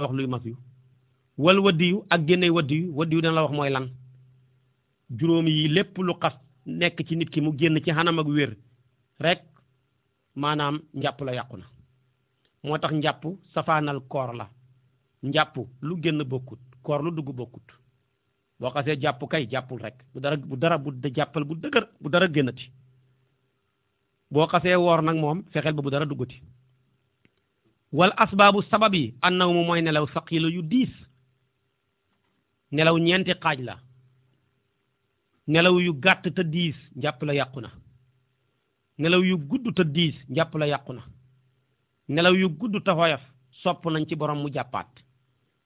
wax luy mas yu wal wadiyu ak génne wadiyu wadiyu dana la wax mooy lan juróom yi lépp lu xas nekk ci nit ki mu génn ci xanam ak wér rek maanaam njàpp la yàqu na moo tax njàpp safaanal koor la njàpp lu génn bokkut koor lu dugg bokkut boo xasee jàpp kay jàppul rek bu dara bu dara jàppal bu dëgër bu dara génnati boo xasee woor nag moom fexeel ba bu dara duggati wal asbaabu sabab yi annaw mu mooy nelaw saqiilu yu diis nelaw ñeenti xaaj la nelaw yu gàtt te njàpp la yàqu na nelaw yu gudd te njàpp la yàqu na nelaw yu gudd te sopp nañ ci borom mu jàppaat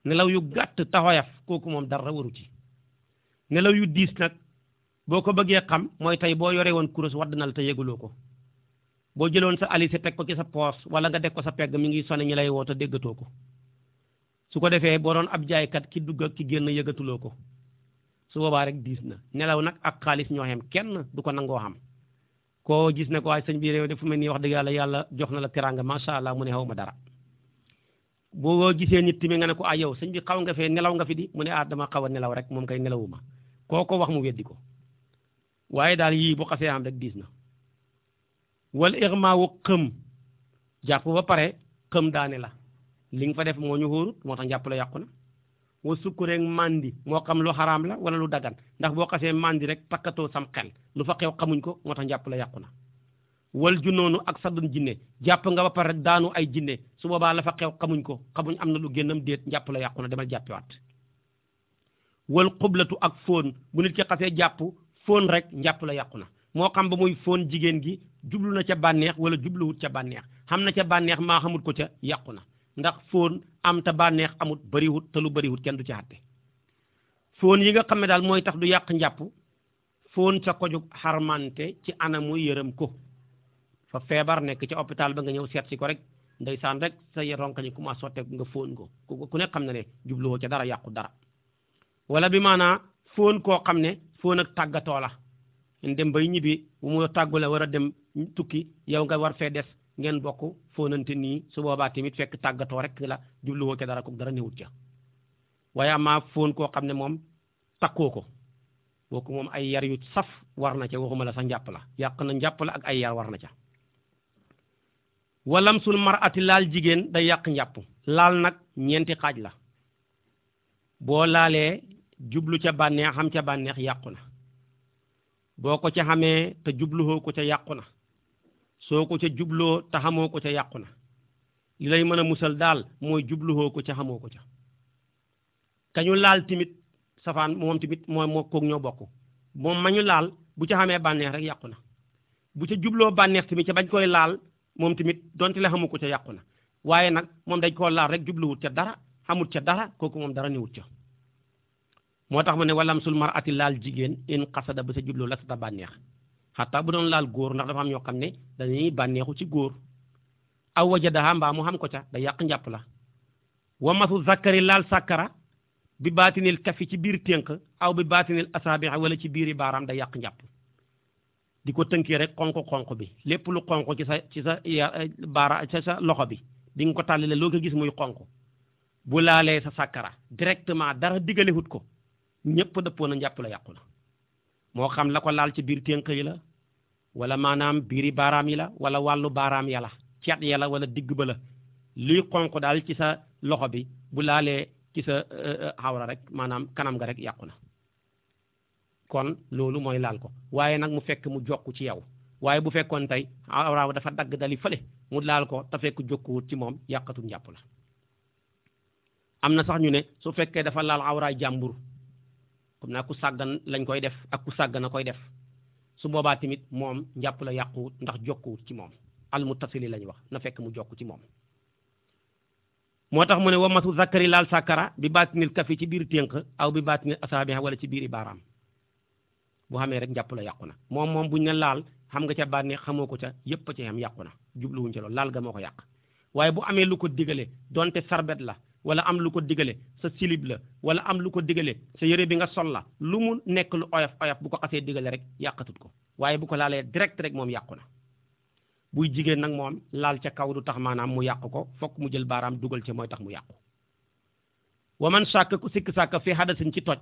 nelaw yu gàtt te kooku moom dara waru ci nelaw yu diis nag boo ko bëggee xam mooy tey boo yore woon kurus wadd na la te yëguloo ko boo jëloon sa alise teg ko ci sa poos wala nga deg ko sa pegg mi ngi sone ñi lay woo te déggatoo ko su ko defee boo doon ab jaaykat ki dugg ak ki génn yëgatuloo ko su boobaa rek diis na nelaw nag ak xaalis ñoo xam kenn du ko nangoo xam koo gis ne ko waaye sëñ bi réew de fu mel nii wax dëgg yàlla yàlla jox na la teraanga macha allah mu ne xaw ma dara boo gisee nit tamit nga ne ko ah yow sëñ bi xaw nga fee nelaw nga fi di mu ne ah dama xaw nelaw rek moom kay nelawuma koo ko wax mu weddi ko waaye daal yii bu xasee am diis na. wal irmaawu xëm jàpp ba pare xëm daane la li nga fa def moo ñu xóorut moo tax jàpp la yàqu na wa sukkureeg mandi moo xam lu la wala lu dagan ndax boo xasee mandi rek takkatoo sam lu fa xew xamuñ ko moo tax yàqu na wal junoonu ak saddun jinne jàpp nga ba pare daanu ay jinne su boobaa la fa xew xamuñ ko xamuñ am na lu génnam déet njàpp la yàqu na demal jàppiwaat wal xublatu ak fóon bu nit ki xasee jàpp fóon rek njàpp la yàqu na moo xam ba muy foon jigéen gi jublu na ca bànneex wala jubluwut ca bànneex xam na ca bànneex maa xamut ko ca yàqu na ndax foon am te bànneex amut bëriwut ta lu bëriwut kenn du ci àtte foon yi nga xam ne daal mooy tax du yàq njàpp foon ca kojug xarmante ci muy yërëm ko fa feebar nekk ca hôpital ba nga ñëw seet si ko rek ndeysaan rek sa ronkañi commencé sotteeku nga foon ko ku nekk xam ne ne jubluwoo ca dara yàqu dara wala bi maanaa foon koo xam ne foon ak tàggatoo dem bay ñibbi bu mu tàggule war a dem tukki yow nga war fee des ngeen bokk fóonante nii su boobaa tamit fekk tàggatoo rek la jubluwoo ke dara ko dara newut ca waaye amaa fóon koo xam ne moom takkoo ko kooku moom ay yar yu saf war na ca waxuma la sa njàpp la yàq na njàpp ak ay yar war na ca walam sul marati laal jigéen day yàq njàpp laal nag ñeenti xaaj la boo laalee jublu ca bànneex ca bànneex yàqu na boo ko ca xamee te jubluwoo ko ca yàqu na soo ko ca jubloo te xamoo ko ca yàqu na li lay mën a musal daal mooy jubluwoo ko ca xamoo ko ca kañu laal timit safaan moom tamit mooy moo koog ñoo bokk moom ma laal bu ca xamee bànneex rek yàqu na bu ca jubloo bànneex tamit ca bañ koy laal moom tamit donte la xamu ko ca yàqu na waaye nag moom dañ koo laal rek jubluwut ca dara xamut ca dara kooku moom dara niwut ca moo tax mu ne walla walam sul marati laal jigéen in xasada ba sa jubloo la sata bànneex xataa bu doon laal góor ndax dafa am ñoo xam ne dañuy bànneexu ci góor aw wajadaha mbaa mu xam ko ca da yàq njàpp la wa masu zakkari laal sakara bi baatinil kafi ci biir ténk aw bi baatinil asaabiha wala ci i baaraam da yàq njàpp di ko tënkee rek xonq-xonq bi lépp lu xonq ci sa ci sa baara ci sa loxo bi di nga ko tàllale loo ko gis muy xonq bu laalee sa sàkkara directement dara digalewut ko ñépp dëppoo na njàpp la yàqu na moo xam la ko laal ci biir ténk yi la wala maanaam biiri baaraam yi la wala wàllu baaraam ya la ceet ya la wala digg ba la luy xonq daal ci sa loxo bi bu laalee ci sa xawra euh, euh, rek maanaam kanam ga rek yàqu na kon loolu mooy laal ko waaye nag mu fekk mu jokk ci yow waaye bu fekkoon tey xawraaw dafa dagg dali fële mu laal ko te fekk jokkuwut ci moom yàqatu njàpp la am na sax ñu ne su fekkee dafa laal xawraay jàmbur xam naa ku sàggan lañ koy def ak ku sàggan a koy def su boobaa tamit moom njàpp la yàquwut ndax jokkuwut ci moom al mu muttasili lañ wax na fekk mu jokk ci moom moo tax mu ne wa masu zakkari laal sàkkara bi baatinil kafi ci biir ténk aw bi baatinil asaabiha wala ci biir i baaraam bu xamee rek njàpp la yàqu na moom moom buñ ne laal xam nga ca bànneex xamoo ko ca yépp a ca am yàqu na jubluwuñ ca loolu laal ga moo ko yàq waaye bu amee lu ko digale la wala am lu ko digale sa silib la wala am lu ko digale sa yére bi nga sol la lu mu nekk lu oyof oyof bu ko xasee digale rek yàqatut ko waaye bu ko laalee direct rek moom yàqu na buy jigéen nag moom laal ca kaw du tax maanaam mu yàqu ko fokk mu jël baaraam dugal ca mooy tax mu yàqu wa man sàkk ku sikk sàkk fii hadasin ci toj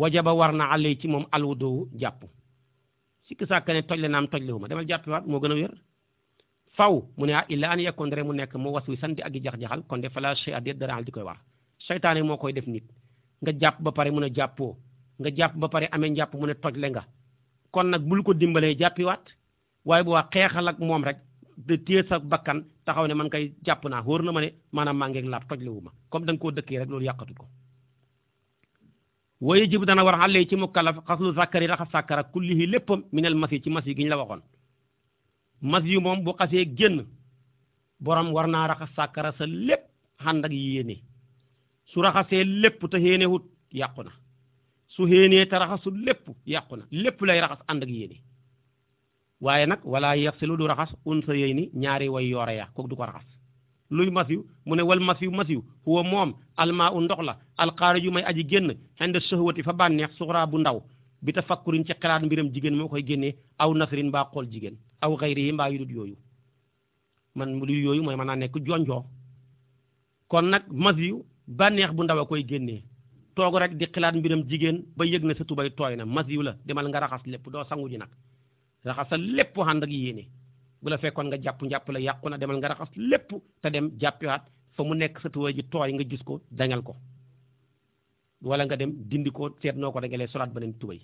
wajaba war na àllee ci moom alwudu jàpp sikk sàkk ne toj le naam toj le wu ma demal jàppiwaat moo gën a wér faw mu ne a ah, illa an yakun rek mu nekk mu was wi sant ak i jax-jaxal kon de fala chey a déet daraal moo koy def nit nga jàpp ba pare mun a jàppoo nga jàpp ba pare amee njàpp mu ne toj le nga kon nag bul ko dimbalee jàppiwaat waaye bu waa xeexal ak moom rek de téye bakkan taxaw ne man kay jàpp naa wóor na ma ne maanaam maa ngeeg laab toj lewu ma comme da nga koo dëkkee rek loolu yàqatu ko waye jibu dana war xale ci mukallaf xaslu sàkkar yi raxas sàkkar ak kullihi léppam minal masi ci masi gi ñu la waxoon mas yu moom bu xasee génn borom war naa raxas sàkkara sa lépp xànd ak su raxasee lépp ta xéenewut yàqu na su xéenee te raxasul lépp yàqu na lépp lay raxas ànd ak yéene waaye nag wala yaxsilu du raxas un sa ñaari way yoore ya kook du ko raxas luy masiw mu ne wal masiw masiw huwa moom almaa u ndox la alxaariju may aji génn xend sëhwati fa bànneex suxraa bu ndaw bi tafakkurin ci xalaat mbiram jigéen moo koy génnee aw nasrin mbaa xool jigéen aw xayri yi mbaa yu dul yooyu man lu yooyu mooy mën naa nekk jonjoo kon nag mas yu bànneex bu ndaw a koy génne toog rek di xalaat mbiram jigéen ba yëg na sa tubay tooy na mas yu la demal nga raxas lépp doo sangu ji nag raxasal lépp ànd ak yéene bu la fekkoon nga jàpp njàpp la yàqu na demal nga raxas lépp te dem jàppiwaat fa mu nekk sa tubay ji tooy nga gis ko dañal ko wala nga dem dindi ko seet noo ko regalee solaat beneen tubay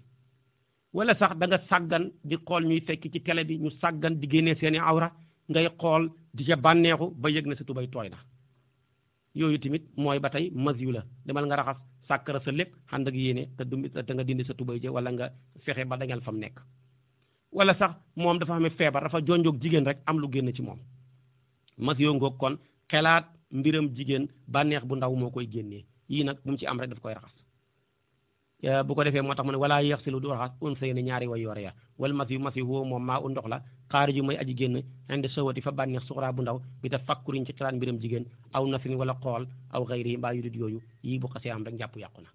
wala sax danga sàggan di xool ñuy fekk ci télé bi ñu sàggan di génnee seeni awra ngay xool di ca bànneexu ba yëg na sa tubay tooy na yooyu tamit mooy ba tey mas yu la demal nga raxas sàkkara sa lépp ànd ak yéene te dumbi te nga dindi sa tubay ja wala nga fexe ba dañal fa mu nekk wala sax moom dafa xame feebar dafa jonjoog jigéen rek am lu génn ci moom mas yoo ngoog kon xelaat mbiram jigéen bànneex bu ndaw moo koy génnee yii nag bu mu ci am rek daf koy raxas bu ko defee moo tax mu ne wala yaxsilu du raxas un say ne ñaari way yoore ya wal mas yu mas yu woo moom maa u ndox la xaariju mooy aji génn indi sawati fa bànneex suxraa bu ndaw bi ta fakkuriñ ci xalaat mbiram jigéen aw nafin wala xool aw xayri mbaa yu dut yooyu yii bu xasee am rek njàpp yàqu na